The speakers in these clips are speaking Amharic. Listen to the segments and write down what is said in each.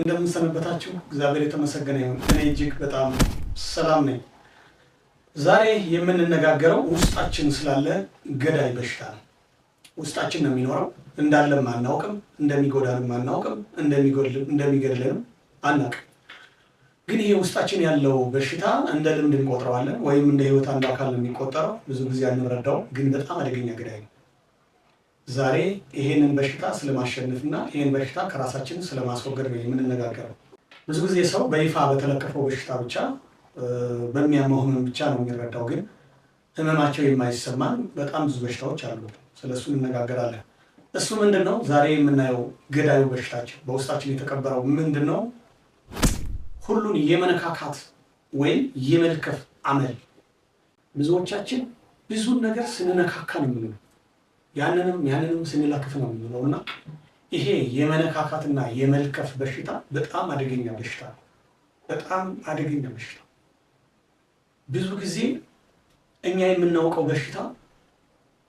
እንደምንሰነበታችሁ እግዚአብሔር የተመሰገነ ይሁን። እኔ እጅግ በጣም ሰላም ነኝ። ዛሬ የምንነጋገረው ውስጣችን ስላለ ገዳይ በሽታ ነው። ውስጣችን ነው የሚኖረው። እንዳለም አናውቅም፣ እንደሚጎዳንም አናውቅም፣ እንደሚገድልንም አናውቅም። ግን ይሄ ውስጣችን ያለው በሽታ እንደ ልምድ እንቆጥረዋለን፣ ወይም እንደ ህይወት አንድ አካል ነው የሚቆጠረው። ብዙ ጊዜ አንረዳው፣ ግን በጣም አደገኛ ገዳይ ነው። ዛሬ ይሄንን በሽታ ስለማሸነፍና ይሄን በሽታ ከራሳችን ስለማስወገድ ነው የምንነጋገረው። ብዙ ጊዜ ሰው በይፋ በተለቀፈው በሽታ ብቻ በሚያመው ብቻ ነው የሚረዳው። ግን ህመማቸው የማይሰማን በጣም ብዙ በሽታዎች አሉ። ስለሱ እንነጋገራለን። እሱ ምንድን ነው? ዛሬ የምናየው ገዳዩ በሽታችን በውስጣችን የተቀበረው ምንድን ነው? ሁሉን የመነካካት ወይም የመልከፍ አመል። ብዙዎቻችን ብዙን ነገር ስንነካካ ነው የምንለው ያንንም ያንንም ስንለክፍ ነው የምንለው እና ይሄ የመነካካትና የመልከፍ በሽታ በጣም አደገኛ በሽታ ነው። በጣም አደገኛ በሽታ ብዙ ጊዜ እኛ የምናውቀው በሽታ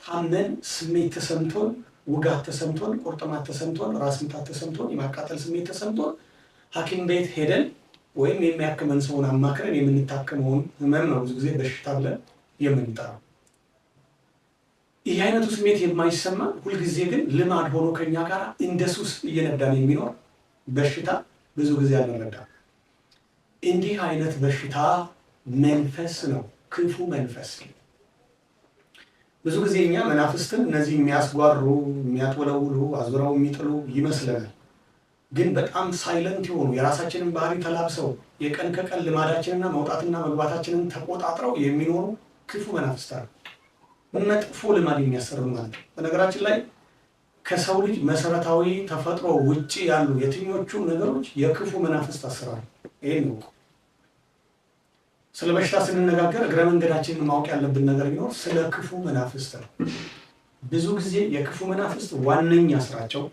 ታመን ስሜት ተሰምቶን ውጋት ተሰምቶን ቁርጥማት ተሰምቶን ራስ ምታት ተሰምቶን የማቃጠል ስሜት ተሰምቶን ሐኪም ቤት ሄደን ወይም የሚያክመን ሰውን አማክረን የምንታከመውን ህመም ነው ብዙ ጊዜ በሽታ ብለን የምንጠራው። ይህ አይነቱ ስሜት የማይሰማ ሁልጊዜ ግን ልማድ ሆኖ ከኛ ጋር እንደ ሱስ እየነዳን የሚኖር በሽታ ብዙ ጊዜ አንረዳ። እንዲህ አይነት በሽታ መንፈስ ነው፣ ክፉ መንፈስ። ብዙ ጊዜ እኛ መናፍስትን እነዚህ የሚያስጓሩ የሚያጥወለውሉ፣ አዙረው የሚጥሉ ይመስለናል። ግን በጣም ሳይለንት የሆኑ የራሳችንን ባህሪ ተላብሰው የቀን ከቀን ልማዳችንና መውጣትና መግባታችንን ተቆጣጥረው የሚኖሩ ክፉ መናፍስት ነው። መጥፎ ልማድ የሚያሰሩ ማለት ነው። በነገራችን ላይ ከሰው ልጅ መሰረታዊ ተፈጥሮ ውጭ ያሉ የትኞቹ ነገሮች የክፉ መናፍስት ታስራሉ? ይህን ነው። ስለ በሽታ ስንነጋገር እግረ መንገዳችንን ማወቅ ያለብን ነገር ቢኖር ስለ ክፉ መናፍስት ነው። ብዙ ጊዜ የክፉ መናፍስት ዋነኛ ስራቸው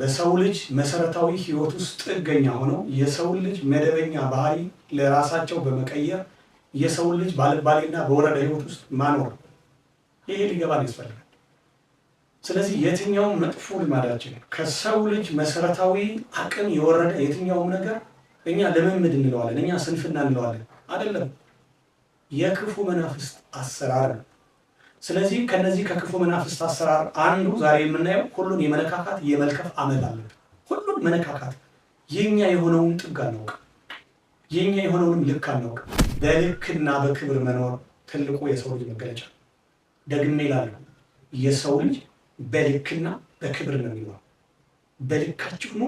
በሰው ልጅ መሰረታዊ ህይወት ውስጥ ጥገኛ ሆነው የሰው ልጅ መደበኛ ባህሪ ለራሳቸው በመቀየር የሰው ልጅ ባልባሌና በወረዳ ህይወት ውስጥ ማኖር ይሄ ሊገባን ያስፈልጋል። ስለዚህ የትኛውም መጥፎ ልማዳችን ከሰው ልጅ መሰረታዊ አቅም የወረደ የትኛውም ነገር እኛ ልምምድ እንለዋለን፣ እኛ ስንፍና እንለዋለን። አይደለም፣ የክፉ መናፍስት አሰራር ነው። ስለዚህ ከነዚህ ከክፉ መናፍስት አሰራር አንዱ ዛሬ የምናየው ሁሉን የመነካካት የመልከፍ አመል አለብን። ሁሉን መነካካት የኛ የሆነውን ጥግ አናውቅ፣ የኛ የሆነውንም ልክ አናውቅ። በልክና በክብር መኖር ትልቁ የሰው ልጅ መገለጫ ደግሜ ይላሉ የሰው ልጅ በልክና በክብር ነው የሚኖረው። በልካችሁ ኑ፣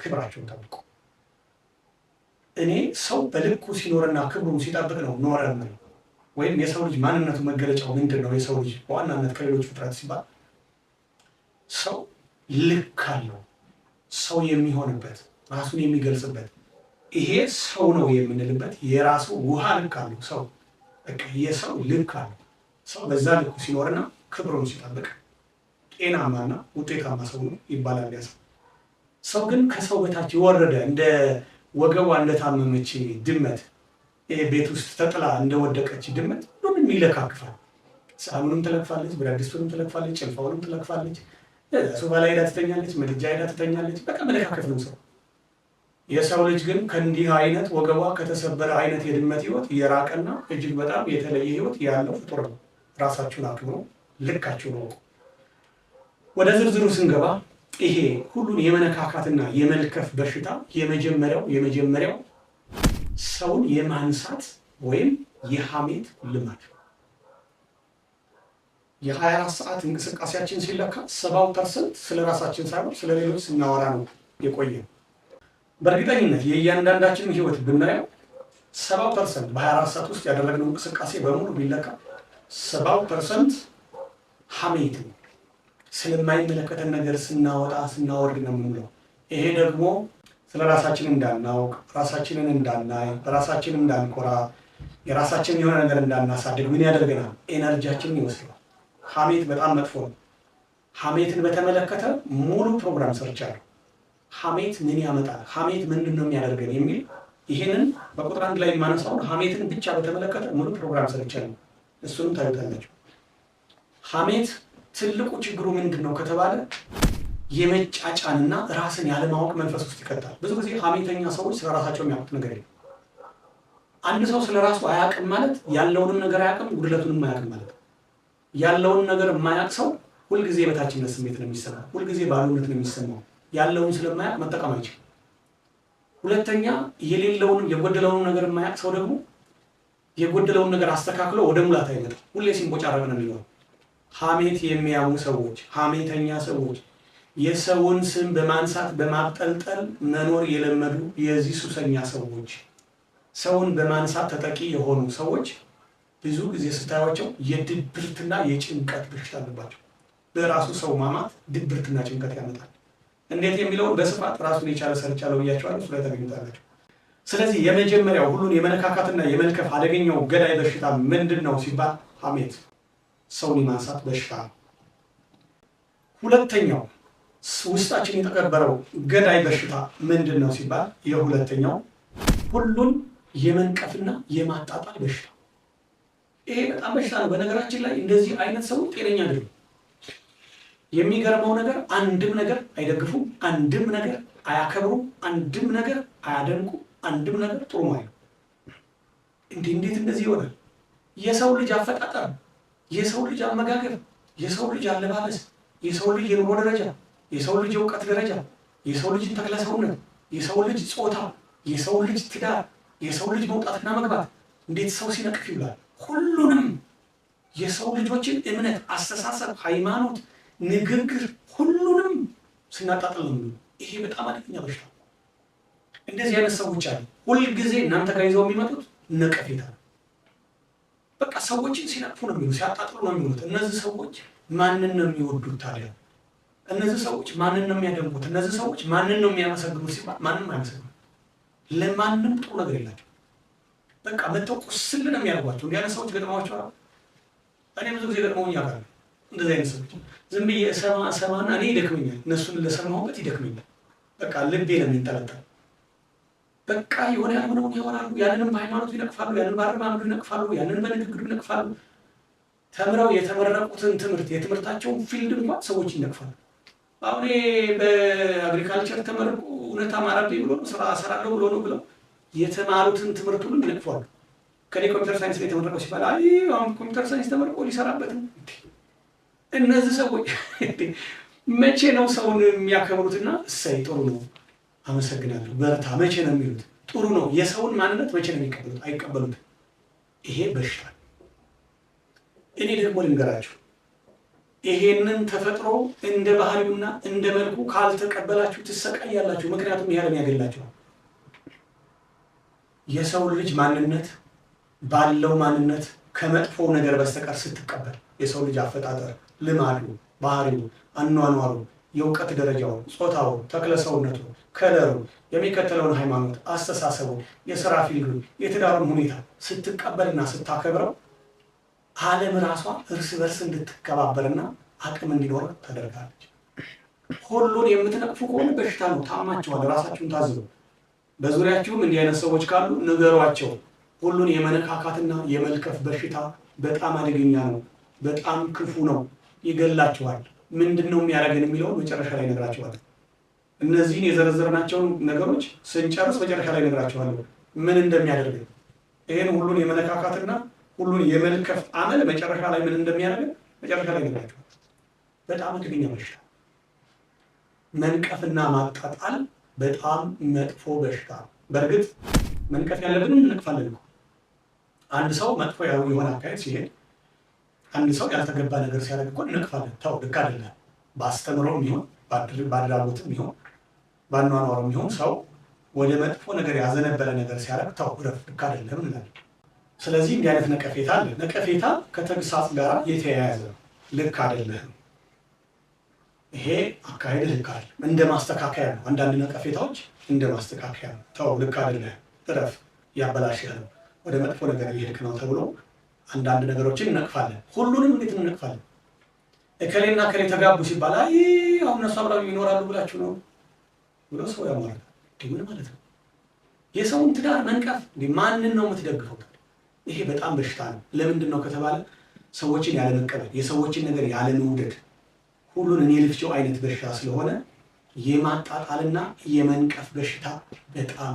ክብራችሁን ጠብቁ። እኔ ሰው በልኩ ሲኖርና ክብሩን ሲጠብቅ ነው ኖረ ነው ወይም የሰው ልጅ ማንነቱ መገለጫው ምንድን ነው? የሰው ልጅ በዋናነት ከሌሎች ፍጥረት ሲባል ሰው ልክ አለው። ሰው የሚሆንበት ራሱን የሚገልጽበት ይሄ ሰው ነው የምንልበት የራሱ ውሃ ልክ አለው። ሰው የሰው ልክ አለው። ሰው በዛ ልኩ ሲኖርና ክብሩን ሲጠብቅ ጤናማና ውጤታማ ሰው ነው ይባላል። ያ ሰው ሰው ግን ከሰው በታች የወረደ እንደ ወገቧ እንደታመመች ድመት ቤት ውስጥ ተጥላ እንደወደቀች ድመት ምንም ይለካክፋል። ሳህኑንም ትለክፋለች፣ ብረት ድስቱንም ትለክፋለች፣ ጭልፋውንም ትለክፋለች፣ ሶፋ ላይ ሄዳ ትተኛለች፣ ምድጃ ሄዳ ትተኛለች። በቃ መለካከፍ ነው ሰው። የሰው ልጅ ግን ከእንዲህ አይነት ወገቧ ከተሰበረ አይነት የድመት ህይወት የራቀና እጅግ በጣም የተለየ ህይወት ያለው ፍጡር ነው። ራሳችሁን አክብሩ፣ ልካችሁ ነው። ወደ ዝርዝሩ ስንገባ ይሄ ሁሉን የመነካካትና የመልከፍ በሽታ የመጀመሪያው የመጀመሪያው ሰውን የማንሳት ወይም የሐሜት ልማድ የ24 ሰዓት እንቅስቃሴያችን ሲለካ ሰባው ፐርሰንት ስለ ራሳችን ሳይሆን ስለ ሌሎች ስናወራ ነው የቆየ። በእርግጠኝነት የእያንዳንዳችንን ህይወት ብናየው ሰባው ፐርሰንት በ24 ሰዓት ውስጥ ያደረግነው እንቅስቃሴ በሙሉ ቢለካ ሰባው ፐርሰንት ሀሜት ነው። ስለማይመለከተን ነገር ስናወጣ ስናወርድ ነው የምንለው። ይሄ ደግሞ ስለ ራሳችን እንዳናውቅ፣ ራሳችንን እንዳናይ፣ በራሳችን እንዳንኮራ፣ የራሳችን የሆነ ነገር እንዳናሳድግ ምን ያደርገናል? ኤነርጂያችንን ይወስዳል። ሀሜት በጣም መጥፎ ነው። ሀሜትን በተመለከተ ሙሉ ፕሮግራም ሰርቻለሁ። ሀሜት ምን ያመጣል? ሀሜት ምንድን ነው የሚያደርገን የሚል ይህንን በቁጥር አንድ ላይ የማነሳውን ሀሜትን ብቻ በተመለከተ ሙሉ ፕሮግራም ሰርቻለሁ። እሱንም ታዩታለች። ሐሜት ትልቁ ችግሩ ምንድን ነው ከተባለ የመጫጫንና ራስን ያለማወቅ መንፈስ ውስጥ ይከታል። ብዙ ጊዜ ሐሜተኛ ሰዎች ስለ ራሳቸው የሚያውቁት ነገር የለም። አንድ ሰው ስለ ራሱ አያውቅም ማለት ያለውንም ነገር አያውቅም፣ ጉድለቱንም አያውቅም ማለት ያለውን ነገር የማያውቅ ሰው ሁልጊዜ የበታችነት ስሜት ነው የሚሰማ፣ ሁልጊዜ ባዶነት ነው የሚሰማው። ያለውን ስለማያውቅ መጠቀም አይችልም። ሁለተኛ የሌለውንም የጎደለውን ነገር የማያውቅ ሰው ደግሞ የጎደለውን ነገር አስተካክሎ ወደ ሙላት አይመጣ። ሁሌ ሲንቦጫረቅ ነው የሚለው። ሐሜት የሚያሙ ሰዎች፣ ሐሜተኛ ሰዎች፣ የሰውን ስም በማንሳት በማጠልጠል መኖር የለመዱ የዚህ ሱሰኛ ሰዎች፣ ሰውን በማንሳት ተጠቂ የሆኑ ሰዎች ብዙ ጊዜ ስታያቸው የድብርትና የጭንቀት በሽታ አለባቸው። በራሱ ሰው ማማት ድብርትና ጭንቀት ያመጣል። እንዴት የሚለውን በስፋት ራሱን የቻለ ሰርቻለሁ ብያቸዋለሁ። እሱ ላይ ተገኝታላቸው። ስለዚህ የመጀመሪያው ሁሉን የመነካካትና የመልከፍ አደገኛው ገዳይ በሽታ ምንድን ነው ሲባል ሐሜት፣ ሰውን የማንሳት በሽታ ነው። ሁለተኛው ውስጣችን የተቀበረው ገዳይ በሽታ ምንድን ነው ሲባል የሁለተኛው ሁሉን የመንቀፍና የማጣጣል በሽታ። ይሄ በጣም በሽታ ነው። በነገራችን ላይ እንደዚህ አይነት ሰው ጤነኛ አይደሉም። የሚገርመው ነገር አንድም ነገር አይደግፉም፣ አንድም ነገር አያከብሩም፣ አንድም ነገር አያደንቁም። አንድም ነገር ጥሩ ማየው እንዲህ እንዴት እንደዚህ ይሆናል? የሰው ልጅ አፈጣጠር፣ የሰው ልጅ አመጋገብ፣ የሰው ልጅ አለባበስ፣ የሰው ልጅ የኑሮ ደረጃ፣ የሰው ልጅ የእውቀት ደረጃ፣ የሰው ልጅ ተክለሰውነት፣ የሰው ልጅ ጾታ፣ የሰው ልጅ ትዳር፣ የሰው ልጅ መውጣትና መግባት እንዴት ሰው ሲነቅፍ ይብላል። ሁሉንም የሰው ልጆችን እምነት፣ አስተሳሰብ፣ ሃይማኖት፣ ንግግር ሁሉንም ስናጣጥል ነው። ይሄ በጣም አደገኛ በሽታ እንደዚህ አይነት ሰዎች አሉ። ሁልጊዜ እናንተ ጋር ይዘው የሚመጡት ነቀፌታ ነው። በቃ ሰዎችን ሲነቅፉ ነው የሚሉ ሲያጣጥሉ ነው የሚሉት። እነዚህ ሰዎች ማንን ነው የሚወዱት ታዲያ? እነዚህ ሰዎች ማንን ነው የሚያደንቁት? እነዚህ ሰዎች ማንን ነው የሚያመሰግኑት ሲባል ማንም አይመሰግኑም። ለማንም ጥሩ ነገር የላቸው። በቃ መተው ቁስል ነው የሚያደርጓቸው። እንዲህ አይነት ሰዎች ገጥመዋቸው አሉ። እኔ ብዙ ጊዜ ገጥመውኝ ያውቃል። እንደዚህ አይነት ሰዎች ዝም ብዬ ሰማ ሰማና እኔ ይደክመኛል፣ እነሱን ለሰማሁበት ይደክመኛል። በቃ ልቤ ነው የሚንጠለጠል በቃ የሆነ ያልሆነውን ያወራሉ። ያንንም በሃይማኖቱ ይነቅፋሉ፣ ያንን በአረማመዱ ይነቅፋሉ፣ ያንን በንግግሩ ይነቅፋሉ። ተምረው የተመረቁትን ትምህርት የትምህርታቸውን ፊልድ እንኳን ሰዎች ይነቅፋሉ። አሁን በአግሪካልቸር ተመርቆ እውነት አማራ ብሎ ነው ስራ እሰራለሁ ብሎ ነው ብለው የተማሩትን ትምህርት ሁሉ ይነቅፋሉ። ከኔ ኮምፒውተር ሳይንስ ላይ የተመረቀው ሲባል አይ አሁን ኮምፒውተር ሳይንስ ተመርቆ ሊሰራበትም እነዚህ ሰዎች መቼ ነው ሰውን የሚያከብሩትና እሰይ ጥሩ ነው አመሰግናለሁ፣ በርታ። መቼ ነው የሚሉት? ጥሩ ነው። የሰውን ማንነት መቼ ነው የሚቀበሉት? አይቀበሉት ይሄ በሽታ። እኔ ደግሞ ልንገራችሁ፣ ይሄንን ተፈጥሮ እንደ ባህሪውና እንደ መልኩ ካልተቀበላችሁ ትሰቃያላችሁ። ምክንያቱም ይሄ ለሚያገላችሁ ያገላችኋል። የሰውን ልጅ ማንነት ባለው ማንነት ከመጥፎ ነገር በስተቀር ስትቀበል የሰው ልጅ አፈጣጠር፣ ልማዱ፣ ባህሪው፣ አኗኗሩ፣ የእውቀት ደረጃው፣ ጾታው፣ ተክለ ሰውነቱ ከለሩን፣ የሚከተለውን ሃይማኖት፣ አስተሳሰቡን፣ የስራ ፊልዱን፣ የትዳሩን ሁኔታ ስትቀበልና ስታከብረው ዓለም ራሷ እርስ በርስ እንድትከባበርና አቅም እንዲኖር ተደርጋለች። ሁሉን የምትነቅፉ ከሆነ በሽታ ነው፣ ታማችኋል። ራሳችሁን ታዝቡ። በዙሪያችሁም እንዲህ አይነት ሰዎች ካሉ ንገሯቸው። ሁሉን የመነካካትና የመልከፍ በሽታ በጣም አደገኛ ነው፣ በጣም ክፉ ነው፣ ይገላችኋል። ምንድን ነው የሚያደርገን የሚለውን መጨረሻ ላይ ነግራችኋል። እነዚህን የዘረዘርናቸውን ነገሮች ስንጨርስ መጨረሻ ላይ ነግራችኋለሁ ምን እንደሚያደርግ ይህን ሁሉን የመነካካትና ሁሉን የመልከፍ አመል መጨረሻ ላይ ምን እንደሚያደርግ መጨረሻ ላይ ነግራችኋል። በጣም ክፉኛ በሽታ መንቀፍና ማጣጣል በጣም መጥፎ በሽታ። በእርግጥ መንቀፍ ያለብን እንቅፋለን አንድ ሰው መጥፎ የሆነ አካሄድ ሲሄድ፣ አንድ ሰው ያልተገባ ነገር ሲያደርግ እኮ እንቅፋለን። ተው ልክ አይደለም። በአስተምሮም ሚሆን በአድራጎትም ይሁን ባኗኗሩ የሚሆን ሰው ወደ መጥፎ ነገር ያዘነበለ ነገር ሲያደርግ ተው ረፍ ልክ አይደለም እንላለን። ስለዚህ እንዲህ አይነት ነቀፌታ አለ። ነቀፌታ ከተግሳጽ ጋር የተያያዘ ልክ አይደለም፣ ይሄ አካሄድ ልክ አለ እንደ ማስተካከያ ነው። አንዳንድ ነቀፌታዎች እንደ ማስተካከያ ነው። ተው ልክ አይደለም፣ ረፍ ያበላሽሃል፣ ወደ መጥፎ ነገር እየሄድክ ነው ተብሎ አንዳንድ ነገሮችን እነቅፋለን። ሁሉንም እንዴት እንነቅፋለን? እከሌና እከሌ ተጋቡ ሲባል አይ አሁን እነሱ አብረው ይኖራሉ ብላችሁ ነው ሰው ያሟል ምን ማለት ነው? የሰውን ትዳር መንቀፍ ማንን ነው የምትደግፈው? ይሄ በጣም በሽታ ነው። ለምንድን ነው ከተባለ ሰዎችን ያለመቀበል፣ የሰዎችን ነገር ያለመውደድ፣ ሁሉን እኔ ልፍጨው አይነት በሽታ ስለሆነ የማጣጣልና የመንቀፍ በሽታ በጣም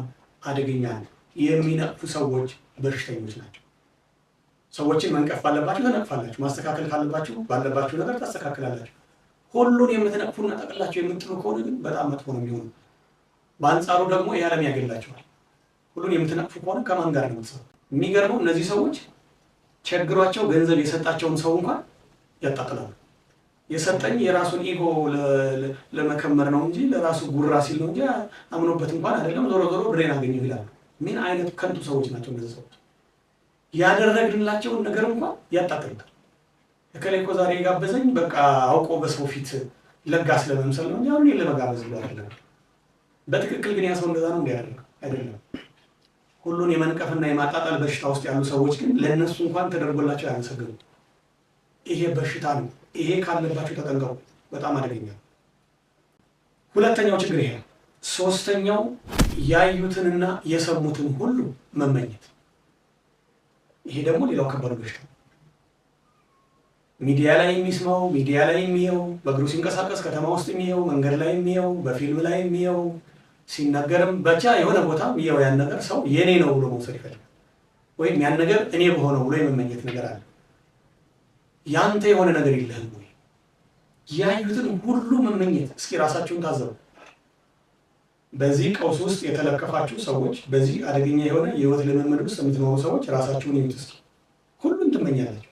አደገኛ ነው። የሚነቅፉ ሰዎች በሽተኞች ናቸው። ሰዎችን መንቀፍ ባለባችሁ ተነቅፋላችሁ፣ ማስተካከል ካለባችሁ ባለባችሁ ነገር ታስተካክላላችሁ። ሁሉን የምትነቅፉና ጠቅላችሁ የምትጥሉ ከሆነ ግን በጣም መጥፎ ነው የሚሆነው። በአንጻሩ ደግሞ ይህ ዓለም ያገላቸዋል። ሁሉን የምትነቅፉ ከሆነ ከማን ጋር ነው የምትሰሩ? የሚገርመው እነዚህ ሰዎች ቸግሯቸው ገንዘብ የሰጣቸውን ሰው እንኳን ያጣጥላሉ። የሰጠኝ የራሱን ኢጎ ለመከመር ነው እንጂ ለራሱ ጉራ ሲል ነው እንጂ አምኖበት እንኳን አይደለም። ዞሮ ዞሮ ብሬን አገኘው ይላሉ። ምን አይነት ከንቱ ሰዎች ናቸው እነዚህ ሰዎች! ያደረግንላቸውን ነገር እንኳን ያጣጥሉታል። እከሌ እኮ ዛሬ የጋበዘኝ በቃ አውቆ በሰው ፊት ለጋስ ለመምሰል ነው እንጂ አሁን ለመጋበዝ ብሎ አይደለም። በትክክል ግን ያ ሰው እንደዛ ነው እንዲያደርግ አይደለም። ሁሉን የመንቀፍና የማጣጣል በሽታ ውስጥ ያሉ ሰዎች ግን ለእነሱ እንኳን ተደርጎላቸው አያመሰግኑ። ይሄ በሽታ ነው። ይሄ ካለባቸው ተጠንቀቁ። በጣም አደገኛ ሁለተኛው ችግር ይሄ ነው። ሶስተኛው ያዩትንና የሰሙትን ሁሉ መመኘት። ይሄ ደግሞ ሌላው ከባድ በሽታ ሚዲያ ላይ የሚስማው ሚዲያ ላይ የሚየው፣ በእግሩ ሲንቀሳቀስ ከተማ ውስጥ የሚየው፣ መንገድ ላይ የሚየው፣ በፊልም ላይ የሚየው ሲነገርም ብቻ የሆነ ቦታ ያው ያን ነገር ሰው የኔ ነው ብሎ መውሰድ ይፈልጋል፣ ወይም ያን ነገር እኔ በሆነው ብሎ የመመኘት ነገር አለ። ያንተ የሆነ ነገር የለህም ወይ? ያዩትን ሁሉ መመኘት። እስኪ ራሳችሁን ታዘቡ። በዚህ ቀውስ ውስጥ የተለከፋችሁ ሰዎች፣ በዚህ አደገኛ የሆነ የህይወት ልምምድ ውስጥ የምትኖሩ ሰዎች ራሳችሁን ይዩት እስኪ። ሁሉን ትመኛላችሁ።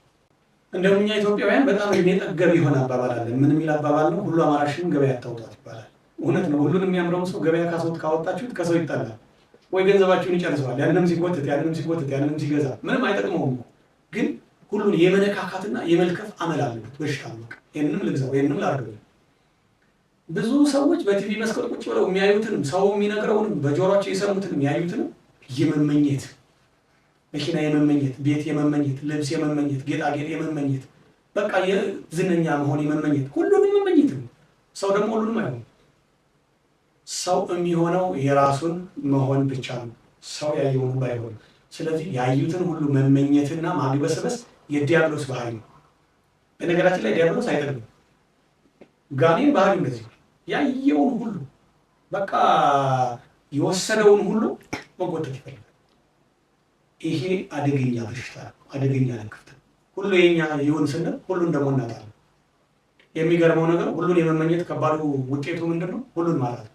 እንደውም እኛ ኢትዮጵያውያን በጣም እድሜ ጠገብ የሆነ አባባል አለ ምን የሚል አባባል ነው? ሁሉ አማራሽን ገበያ ያታውጣት ይባላል። እውነት ነው። ሁሉን የሚያምረውን ሰው ገበያ ካሰውት ካወጣችሁት ከሰው ይጠላል። ወይ ገንዘባችሁን ይጨርሰዋል። ያንንም ሲጎትት ያንንም ሲጎትት ያንንም ሲገዛ ምንም አይጠቅመውም። ግን ሁሉን የመነካካትና የመልከፍ አመል አለበት በሽታ ነው። ይህንንም ልግዛው ይህንም ላድርገው። ብዙ ሰዎች በቲቪ መስቀል ቁጭ ብለው የሚያዩትንም ሰው የሚነግረውንም በጆሯቸው የሰሙትን የሚያዩትንም የመመኘት መኪና የመመኘት ቤት የመመኘት ልብስ የመመኘት ጌጣጌጥ የመመኘት በቃ የዝነኛ መሆን የመመኘት ሁሉንም የመመኘት ነው። ሰው ደግሞ ሁሉንም አይሆንም። ሰው የሚሆነው የራሱን መሆን ብቻ ነው፣ ሰው ያየውን ሁሉ ስለዚህ ያዩትን ሁሉ መመኘትና ማግበስበስ የዲያብሎስ ባህሪ ነው። በነገራችን ላይ ዲያብሎስ አይጠግብም። ጋኔን ባህሪ እንደዚህ ያየውን ሁሉ በቃ የወሰደውን ሁሉ መጎተት ይፈልጋል። ይሄ አደገኛ በሽታ ነው፣ አደገኛ ለክፍት ሁሉ የኛ ይሁን ስንል ሁሉን ደግሞ እናጣለን። የሚገርመው ነገር ሁሉን የመመኘት ከባዱ ውጤቱ ምንድን ነው? ሁሉን ማለት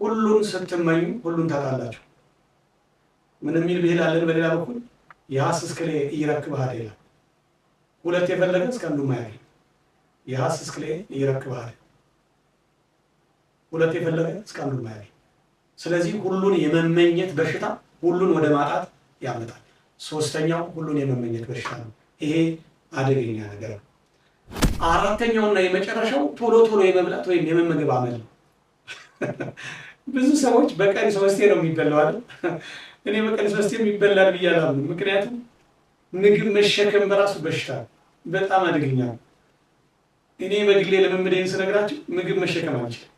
ሁሉን ስትመኙ ሁሉን ታጣላችሁ። ምን የሚል ብሂል አለን? በሌላ በኩል የሀስ እስክሌ ኢይረክብሃት ይላል። ሁለት የፈለገ እስከ አንዱ ማያገኝ የሀስ እስክሌ ኢይረክብሃት፣ ሁለት የፈለገ እስከ አንዱ ማያገኝ። ስለዚህ ሁሉን የመመኘት በሽታ ሁሉን ወደ ማጣት ያመጣል። ሶስተኛው ሁሉን የመመኘት በሽታ ነው። ይሄ አደገኛ ነገር ነው። አራተኛውና የመጨረሻው ቶሎ ቶሎ የመብላት ወይም የመመገብ አመል ነው። ብዙ ሰዎች በቀን ሶስቴ ነው የሚበላው እኔ በቀን ሶስቴ የሚበላል ብዬ ምክንያቱም ምግብ መሸከም በራሱ በሽታ በጣም አደገኛ ነው። እኔ በግሌ ልምምዴን ስነግራቸው ምግብ መሸከም አልችልም።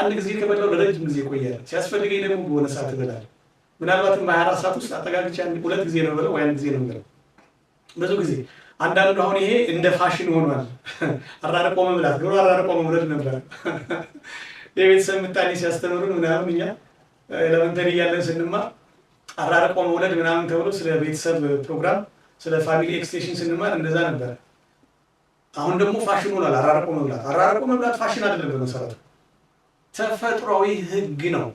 አንድ ጊዜ ከበላው ለረጅም ጊዜ ቆያለሁ። ሲያስፈልገኝ ደግሞ በሆነ ሰዓት እበላለሁ። ምናልባትም በሀያ አራት ሰዓት ውስጥ አጠጋግቼ ሁለት ጊዜ ነው በለው ወይ አንድ ጊዜ ነው በለው ብዙ ጊዜ አንዳንዱ አሁን ይሄ እንደ ፋሽን ሆኗል። አራርቆ መብላት ድሮ አራርቆ መውለድ ነበር። ቤተሰብ ምጣኔ ሲያስተምሩን ምናምን እኛ ኤሌመንተሪ እያለን ስንማር አራርቆ መውለድ ምናምን ተብሎ ስለ ቤተሰብ ፕሮግራም ስለ ፋሚሊ ኤክስቴንሽን ስንማር እንደዛ ነበረ። አሁን ደግሞ ፋሽን ሆኗል አራርቆ መብላት። አራርቆ መብላት ፋሽን አይደለም፣ በመሰረቱ ተፈጥሯዊ ህግ ነው።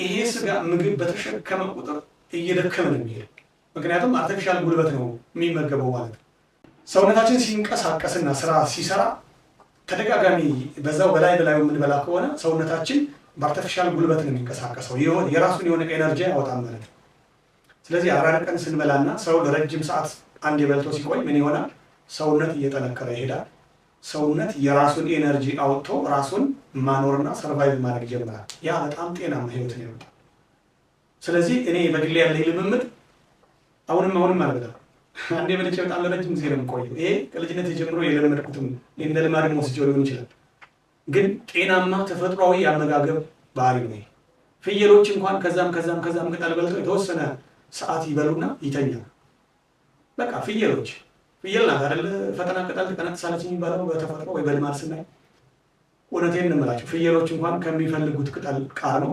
ይሄ ስጋ ምግብ በተሸከመ ቁጥር እየደከመ ነው የሚሄድ ምክንያቱም አርተፊሻል ጉልበት ነው የሚመገበው ማለት ነው። ሰውነታችን ሲንቀሳቀስና ስራ ሲሰራ ተደጋጋሚ በዛው በላይ በላይ የምንበላ ከሆነ ሰውነታችን በአርተፊሻል ጉልበት ነው የሚንቀሳቀሰው። የራሱን የሆነ ኤነርጂ አያወጣም ማለት ነው። ስለዚህ አራት ቀን ስንበላና ሰው ለረጅም ሰዓት አንድ የበልቶ ሲቆይ ምን ይሆናል? ሰውነት እየጠነከረ ይሄዳል። ሰውነት የራሱን ኤነርጂ አውጥቶ ራሱን ማኖርና ሰርቫይቭ ማድረግ ይጀምራል። ያ በጣም ጤናማ ነው ያወጣል። ስለዚህ እኔ በግሌ ያለኝ ልምምድ አሁንም አሁንም አልበላም አንዴ በልቼ በጣም ለረጅም ጊዜ ነው የምቆየው። ይሄ ከልጅነት ጀምሮ የለመድኩትም እንደ ልማድ ወስጄው ሊሆን ይችላል። ግን ጤናማ ተፈጥሯዊ አመጋገብ ባህሪ ነው። ፍየሎች እንኳን ከዛም ከዛም ከዛም ቅጠል በልተው የተወሰነ ሰዓት ይበሉና ይተኛል። በቃ ፍየሎች ፍየል ናት አይደለ? ፈጠና ቅጠል ትቀነጥሳለች የሚባለው በተፈጥሮ ወይ በልማድ ስናይ፣ እውነቴን እንምላቸው ፍየሎች እንኳን ከሚፈልጉት ቅጠል ቃኖ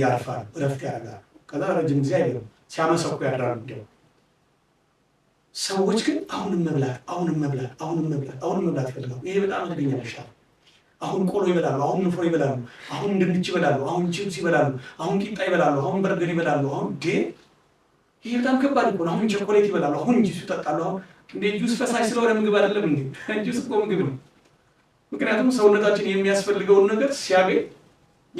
ያርፋል፣ እረፍት ያደርጋል። ከዛ ረጅም ጊዜ አይበሉም፣ ሲያመሰኩ ያድራሉ። ሰዎች ግን አሁንም መብላት አሁንም መብላት አሁንም መብላት አሁንም መብላት ይፈልጋሉ። ይሄ በጣም አደገኛ በሽታ አሁን ቆሎ ይበላሉ፣ አሁን ንፍሮ ይበላሉ፣ አሁን ድንች ይበላሉ፣ አሁን ቺፕስ ይበላሉ፣ አሁን ቂጣ ይበላሉ፣ አሁን በርገር ይበላሉ። አሁን ዴ ይሄ በጣም ከባድ እኮ ነው። አሁን ቸኮሌት ይበላሉ፣ አሁን ጁስ ይጠጣሉ። አሁን እንደ ጁስ ፈሳሽ ስለሆነ ምግብ አይደለም እንዴ? ጁስ እኮ ምግብ ነው። ምክንያቱም ሰውነታችን የሚያስፈልገውን ነገር ሲያገኝ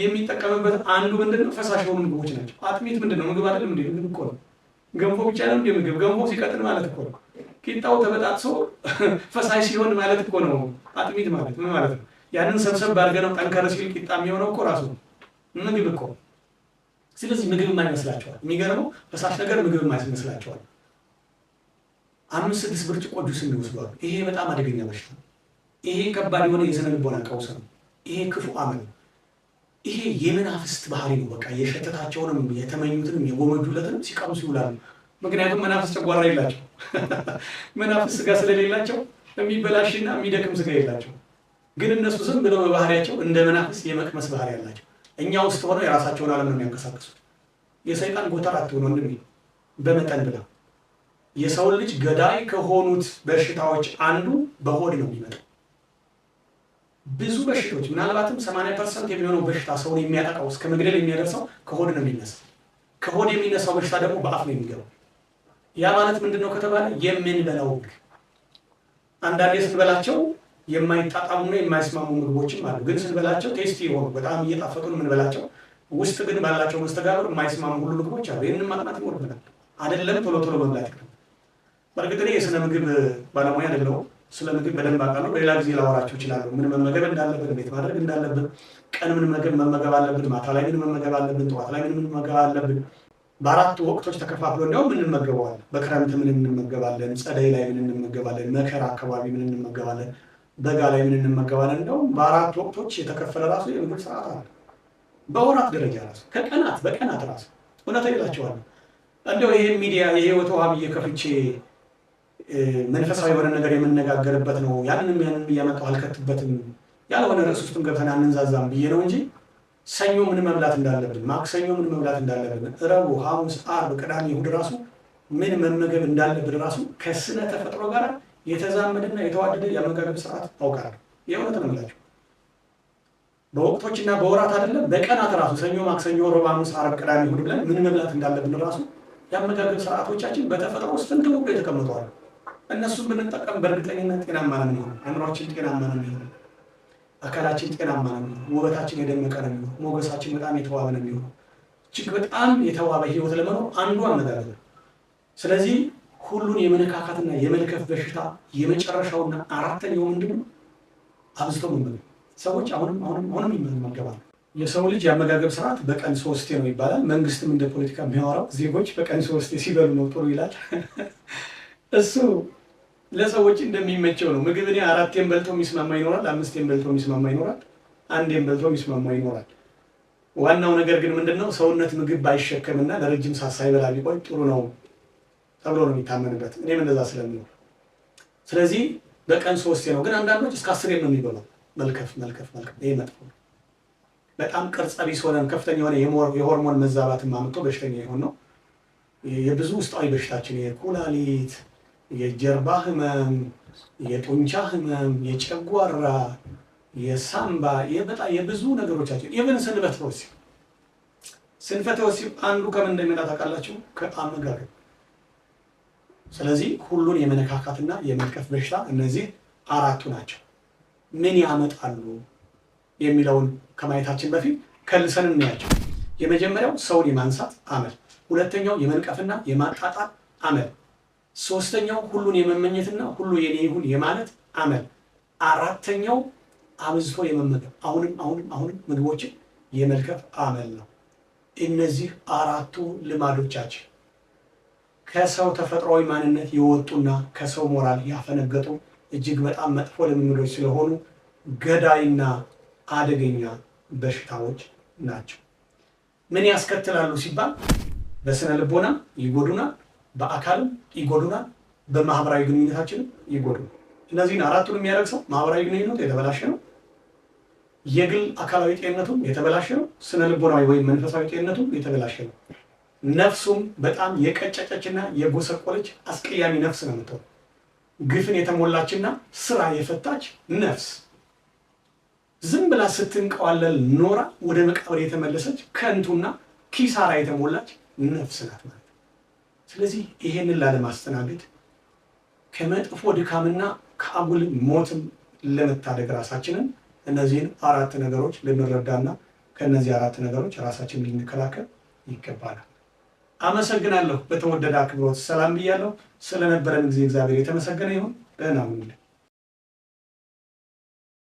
የሚጠቀምበት አንዱ ምንድነው? ፈሳሽ የሆኑ ምግቦች ናቸው። አጥሚት ምንድነው? ምግብ አይደለም እንዴ? ምግብ እኮ ነው። ገንፎ ብቻ ነው እንዲ ምግብ ገንፎ ሲቀጥል ማለት እኮ ነው። ቂጣው ተበጣጥሶ ፈሳሽ ሲሆን ማለት እኮ ነው። አጥሚት ማለት ምን ማለት ነው? ያንን ሰብሰብ ነው ጠንከረ ሲል ቂጣ የሚሆነው እኮ ራሱ ምግብ እኮ። ስለዚህ ምግብ አይመስላቸዋል። የሚገርመው ፈሳሽ ነገር ምግብ አይመስላቸዋል። አምስት ስድስት ብርጭቆ ጁስ የሚወስዷል። ይሄ በጣም አደገኛ በሽታ፣ ይሄ ከባድ የሆነ የስነ ልቦና ቀውስ ነው። ይሄ ክፉ አመል ይሄ የመናፍስት ባህሪ ነው። በቃ የሸተታቸውንም የተመኙትንም የጎመጁለትንም ሲቀምሱ ይውላሉ። ምክንያቱም መናፍስ ጨጓራ የላቸው። መናፍስ ስጋ ስለሌላቸው የሚበላሽና የሚደክም ስጋ የላቸው። ግን እነሱ ዝም ብለው በባህሪያቸው እንደ መናፍስ የመቅመስ ባህሪ ያላቸው፣ እኛ ውስጥ ሆነው የራሳቸውን ዓለም ነው የሚያንቀሳቅሱት። የሰይጣን ጎተራ አትሆኑ ወንድሜ፣ በመጠን ብላ። የሰውን ልጅ ገዳይ ከሆኑት በሽታዎች አንዱ በሆድ ነው የሚመጣው። ብዙ በሽታዎች ምናልባትም 80 ፐርሰንት የሚሆነው በሽታ ሰውን የሚያጠቃው እስከ መግደል የሚያደርሰው ከሆድ ነው የሚነሳው። ከሆድ የሚነሳው በሽታ ደግሞ በአፍ ነው የሚገባው። ያ ማለት ምንድን ነው ከተባለ የምንበላው ምግብ አንዳንዴ ስንበላቸው የማይጣጣሙና የማይስማሙ ምግቦችም አሉ። ግን ስንበላቸው ቴስቲ የሆኑ በጣም እየጣፈጡን የምንበላቸው ውስጥ ግን ባላቸው መስተጋብር የማይስማሙ ሁሉ ምግቦች አሉ። ይህንን ማጥናት ይኖርብናል። አይደለም ቶሎ ቶሎ መብላት። በእርግጥ እኔ የስነ ምግብ ባለሙያ አይደለሁም ስለ ምግብ በደንብ አውቃለሁ። በሌላ ጊዜ ላወራቸው እችላለሁ። ምን መመገብ እንዳለብን፣ ቤት ማድረግ እንዳለብን፣ ቀን ምን መመገብ አለብን፣ ማታ ላይ ምን መመገብ አለብን፣ ጠዋት ላይ ምን መመገብ አለብን። በአራት ወቅቶች ተከፋፍሎ እንዲያውም እንመገበዋለን። በክረምት ምን እንመገባለን፣ ጸደይ ላይ ምን እንመገባለን፣ መከር አካባቢ ምን እንመገባለን፣ በጋ ላይ ምን እንመገባለን። እንዲያውም በአራት ወቅቶች የተከፈለ ራሱ የምግብ ስርዓት አለ። በወራት ደረጃ ራሱ ከቀናት በቀናት ራሱ እውነት ይላቸዋል። እንደው ይህ ሚዲያ የህይወት ውሃ ብዬ ከፍቼ መንፈሳዊ የሆነ ነገር የምነጋገርበት ነው። ያንንም ያንን እያመጣሁ አልከትበትም ያለሆነ ርዕስ ውስጥም ገብተን አንንዛዛም ብዬ ነው እንጂ ሰኞ ምን መብላት እንዳለብን፣ ማክሰኞ ምን መብላት እንዳለብን፣ ረቡ፣ ሐሙስ፣ አርብ፣ ቅዳሜ፣ እሑድ ራሱ ምን መመገብ እንዳለብን ራሱ ከስነ ተፈጥሮ ጋር የተዛመደና የተዋደደ የአመጋገብ ስርዓት አውቃለሁ። የእውነት ነው የምላቸው በወቅቶችና በወራት አይደለም በቀናት ራሱ ሰኞ፣ ማክሰኞ፣ ረቡዕ፣ ሐሙስ፣ አርብ፣ ቅዳሜ፣ እሑድ ብለን ምን መብላት እንዳለብን ራሱ የአመጋገብ ስርዓቶቻችን በተፈጥሮ ውስጥ የተቀምጠዋል። እነሱን ብንጠቀም በእርግጠኝነት ጤናማ ነው የሚሆነው። አእምሯችን ጤናማ ነው የሚሆነው። አካላችን ጤናማ ነው የሚሆነው። ውበታችን የደመቀ ነው የሚሆነው። ሞገሳችን በጣም የተዋበ ነው የሚሆነው። እጅግ በጣም የተዋበ ህይወት ለመኖር አንዱ አመጋገብ። ስለዚህ ሁሉን የመነካካትና የመልከፍ በሽታ የመጨረሻውና አራተኛው ምንድን ነው? አብዝቶ መመገብ። ሰዎች አሁንም አሁንም አሁንም ይመገባሉ። የሰው ልጅ የአመጋገብ ስርዓት በቀን ሶስቴ ነው ይባላል። መንግስትም እንደ ፖለቲካ የሚያወራው ዜጎች በቀን ሶስቴ ሲበሉ ነው ጥሩ ይላል እሱ ለሰዎች እንደሚመቸው ነው። ምግብ እኔ አራቴን በልተው የሚስማማ ይኖራል፣ አምስቴን በልተው የሚስማማ ይኖራል፣ አንዴን በልተው የሚስማማ ይኖራል። ዋናው ነገር ግን ምንድነው ሰውነት ምግብ ባይሸከምና ለረጅም ሰዓት ሳይበላ ቢቆይ ጥሩ ነው ተብሎ ነው የሚታመንበት። እኔም እንደዛ ስለሚሆን ስለዚህ በቀን ሶስቴ ነው። ግን አንዳንዶች እስከ አስሬ ነው የሚበሉ መልከፍ መልከፍ መልከፍ፣ ይሄ መጥፎ ነው። በጣም ቅርጸ ቢስ ሆነን ከፍተኛ የሆነ የሆርሞን መዛባትን አምጥቶ በሽተኛ የሆን ነው የብዙ ውስጣዊ በሽታችን የኩላሊት የጀርባ ህመም፣ የጡንቻ ህመም፣ የጨጓራ፣ የሳምባ የብዙ ነገሮቻችን ኢቨን ስንፈተ ወሲብ ስንፈተ ወሲብ አንዱ ከምን እንደሚመጣ ታውቃላችሁ? ከአመጋገብ። ስለዚህ ሁሉን የመነካካትና የመንቀፍ በሽታ እነዚህ አራቱ ናቸው። ምን ያመጣሉ የሚለውን ከማየታችን በፊት ከልሰን እናያቸው። የመጀመሪያው ሰውን የማንሳት አመል፣ ሁለተኛው የመንቀፍና የማጣጣል አመል ሶስተኛው ሁሉን የመመኘትና ሁሉ የኔ ይሁን የማለት አመል። አራተኛው አብዝቶ የመመገብ አሁንም አሁንም አሁንም ምግቦችን የመልከፍ አመል ነው። እነዚህ አራቱ ልማዶቻችን ከሰው ተፈጥሯዊ ማንነት የወጡና ከሰው ሞራል ያፈነገጡ እጅግ በጣም መጥፎ ልምምዶች ስለሆኑ ገዳይና አደገኛ በሽታዎች ናቸው። ምን ያስከትላሉ ሲባል በስነ ልቦና ይጎዱናል። በአካልም ይጎዱናል፣ በማህበራዊ ግንኙነታችንም ይጎዱናል። እነዚህን አራቱን የሚያደርግ ሰው ማህበራዊ ግንኙነቱ የተበላሸ ነው፣ የግል አካላዊ ጤንነቱም የተበላሸ ነው፣ ስነ ልቦናዊ ወይም መንፈሳዊ ጤንነቱም የተበላሸ ነው። ነፍሱም በጣም የቀጨጨችና የጎሰቆለች አስቀያሚ ነፍስ ነው የምትሆን ግፍን የተሞላችና ስራ የፈታች ነፍስ ዝም ብላ ስትንቀዋለል ኖራ ወደ መቃብር የተመለሰች ከንቱና ኪሳራ የተሞላች ነፍስ ናት ማለት ስለዚህ ይሄንን ላለማስተናገድ ከመጥፎ ድካምና ከአጉል ሞትም ለመታደግ ራሳችንን እነዚህን አራት ነገሮች ልንረዳና ከእነዚህ አራት ነገሮች ራሳችን ልንከላከል ይገባናል። አመሰግናለሁ። በተወደደ አክብሮት ሰላም ብያለሁ። ስለነበረን ጊዜ እግዚአብሔር የተመሰገነ ይሁን። ደህና